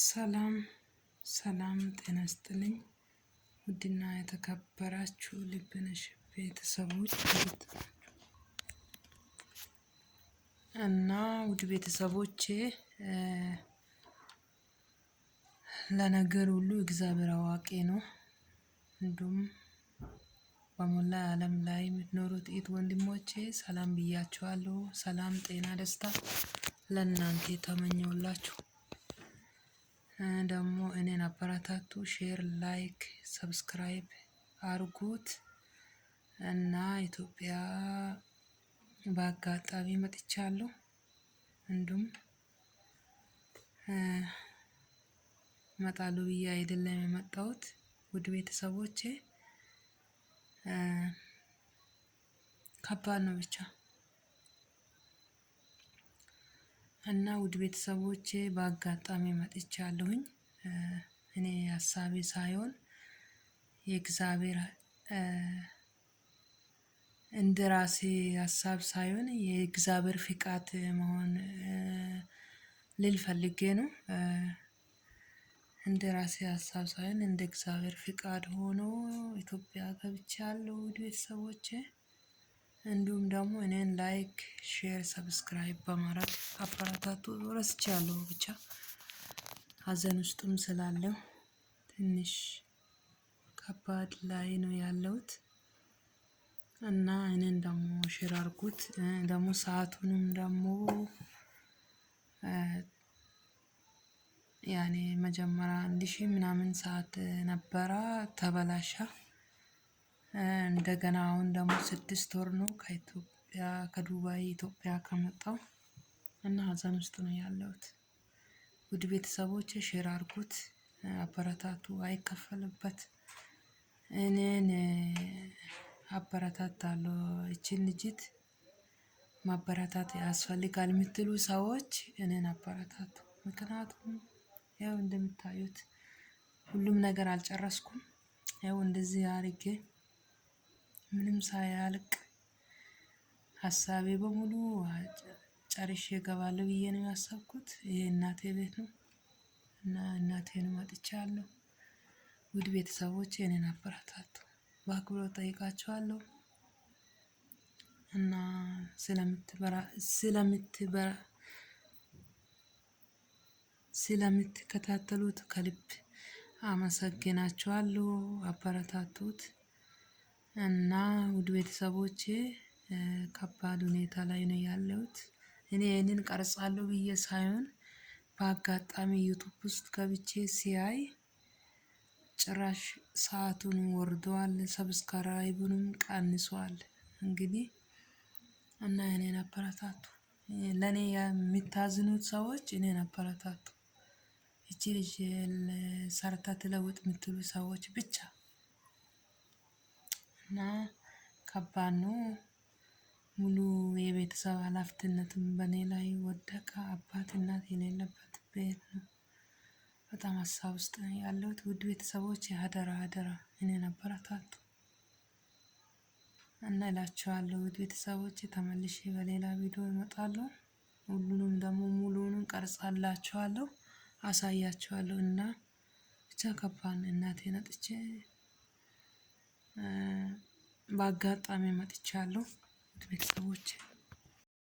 ሰላም ሰላም፣ ጤና ይስጥልኝ። ውድና የተከበራችሁ ልብነሽ ቤተሰቦች እና ውድ ቤተሰቦቼ ለነገር ሁሉ እግዚአብሔር አዋቂ ነው። እንዲሁም በሞላ ዓለም ላይ የምትኖሩት ጥቂት ወንድሞቼ ሰላም ብያችኋለሁ። ሰላም፣ ጤና፣ ደስታ ለእናንተ ተመኘውላችሁ። ደግሞ እኔን አበረታቱ። ሼር፣ ላይክ፣ ሰብስክራይብ አርጉት እና ኢትዮጵያ በአጋጣሚ መጥቻለሁ። እንዲሁም መጣሉ ብዬ አይደለም የመጣሁት። ውድ ቤተሰቦቼ ከባድ ነው ብቻ እና ውድ ቤተሰቦቼ በአጋጣሚ መጥቻለሁኝ። እኔ ሀሳቤ ሳይሆን የእግዚአብሔር እንደ ራሴ ሀሳብ ሳይሆን የእግዚአብሔር ፍቃድ መሆን ልል ፈልጌ ነው። እንደ ራሴ ሀሳብ ሳይሆን እንደ እግዚአብሔር ፍቃድ ሆኖ ኢትዮጵያ ገብቻለሁ ውድ ቤተሰቦቼ። እንዲሁም ደግሞ እኔን ላይክ ሼር ሰብስክራይብ በማድረግ አበረታቱ። ረስቻለሁ ብቻ ሀዘን ውስጥም ስላለው ትንሽ ከባድ ላይ ነው ያለሁት እና እኔን ደግሞ ሼር አድርጉት። ደግሞ ሰዓቱንም ደግሞ ያኔ መጀመሪያ አንድ ሺህ ምናምን ሰዓት ነበረ ተበላሻ። እንደገና አሁን ደግሞ ስድስት ወር ነው ከኢትዮጵያ ከዱባይ ኢትዮጵያ ከመጣው እና ሀዘን ውስጥ ነው ያለሁት። ውድ ቤተሰቦች ሼር አርጉት፣ አበረታቱ፣ አይከፈልበት። እኔን አበረታታለሁ። እችን ልጅት ማበረታት ያስፈልጋል የምትሉ ሰዎች እኔን አበረታቱ። ምክንያቱም ያው እንደምታዩት ሁሉም ነገር አልጨረስኩም። ያው እንደዚህ አርጌ ምንም ሳያልቅ ሀሳቤ በሙሉ ጨርሼ እገባለሁ ብዬ ነው ያሰብኩት። ይሄ እናቴ ቤት ነው እና እናቴን አጥቻለሁ። ውድ ቤተሰቦች የኔን አበረታቱ፣ በአክብሮት ጠይቃቸዋለሁ እና ስለምትከታተሉት ከልብ አመሰግናችኋለሁ። አበረታቱት። እና ውድ ቤተሰቦቼ ከባድ ሁኔታ ላይ ነው ያለሁት። እኔ ይህንን ቀርጻለሁ ብዬ ሳይሆን በአጋጣሚ ዩቱብ ውስጥ ገብቼ ሲያይ ጭራሽ ሰዓቱን ወርደዋል፣ ሰብስክራይቡንም ቀንሷል። እንግዲህ እና እኔን አበረታቱ፣ ለእኔ የምታዝኑት ሰዎች እኔን አበረታቱ። እቺ ልጅ ሰርታ ትለውጥ የምትሉ ሰዎች ብቻ እና ከባድ ነው። ሙሉ የቤተሰብ ኃላፊነትም በእኔ ላይ ወደቀ። አባት እናት የሌለበት ቤት ነው። በጣም ሀሳብ ውስጥ ያለሁት ውድ ቤተሰቦች የሀደራ ሀደራ እኔ አበረታቱ እና እላችኋለሁ። ውድ ቤተሰቦች ተመልሼ በሌላ ቪዲዮ ይመጣሉ። ሁሉንም ደግሞ ሙሉውንም ቀርጻላችኋለሁ አሳያችኋለሁ እና ብቻ ከባድ እናቴ ነጥቼ በአጋጣሚ መጥቻለሁ ቤተሰቦች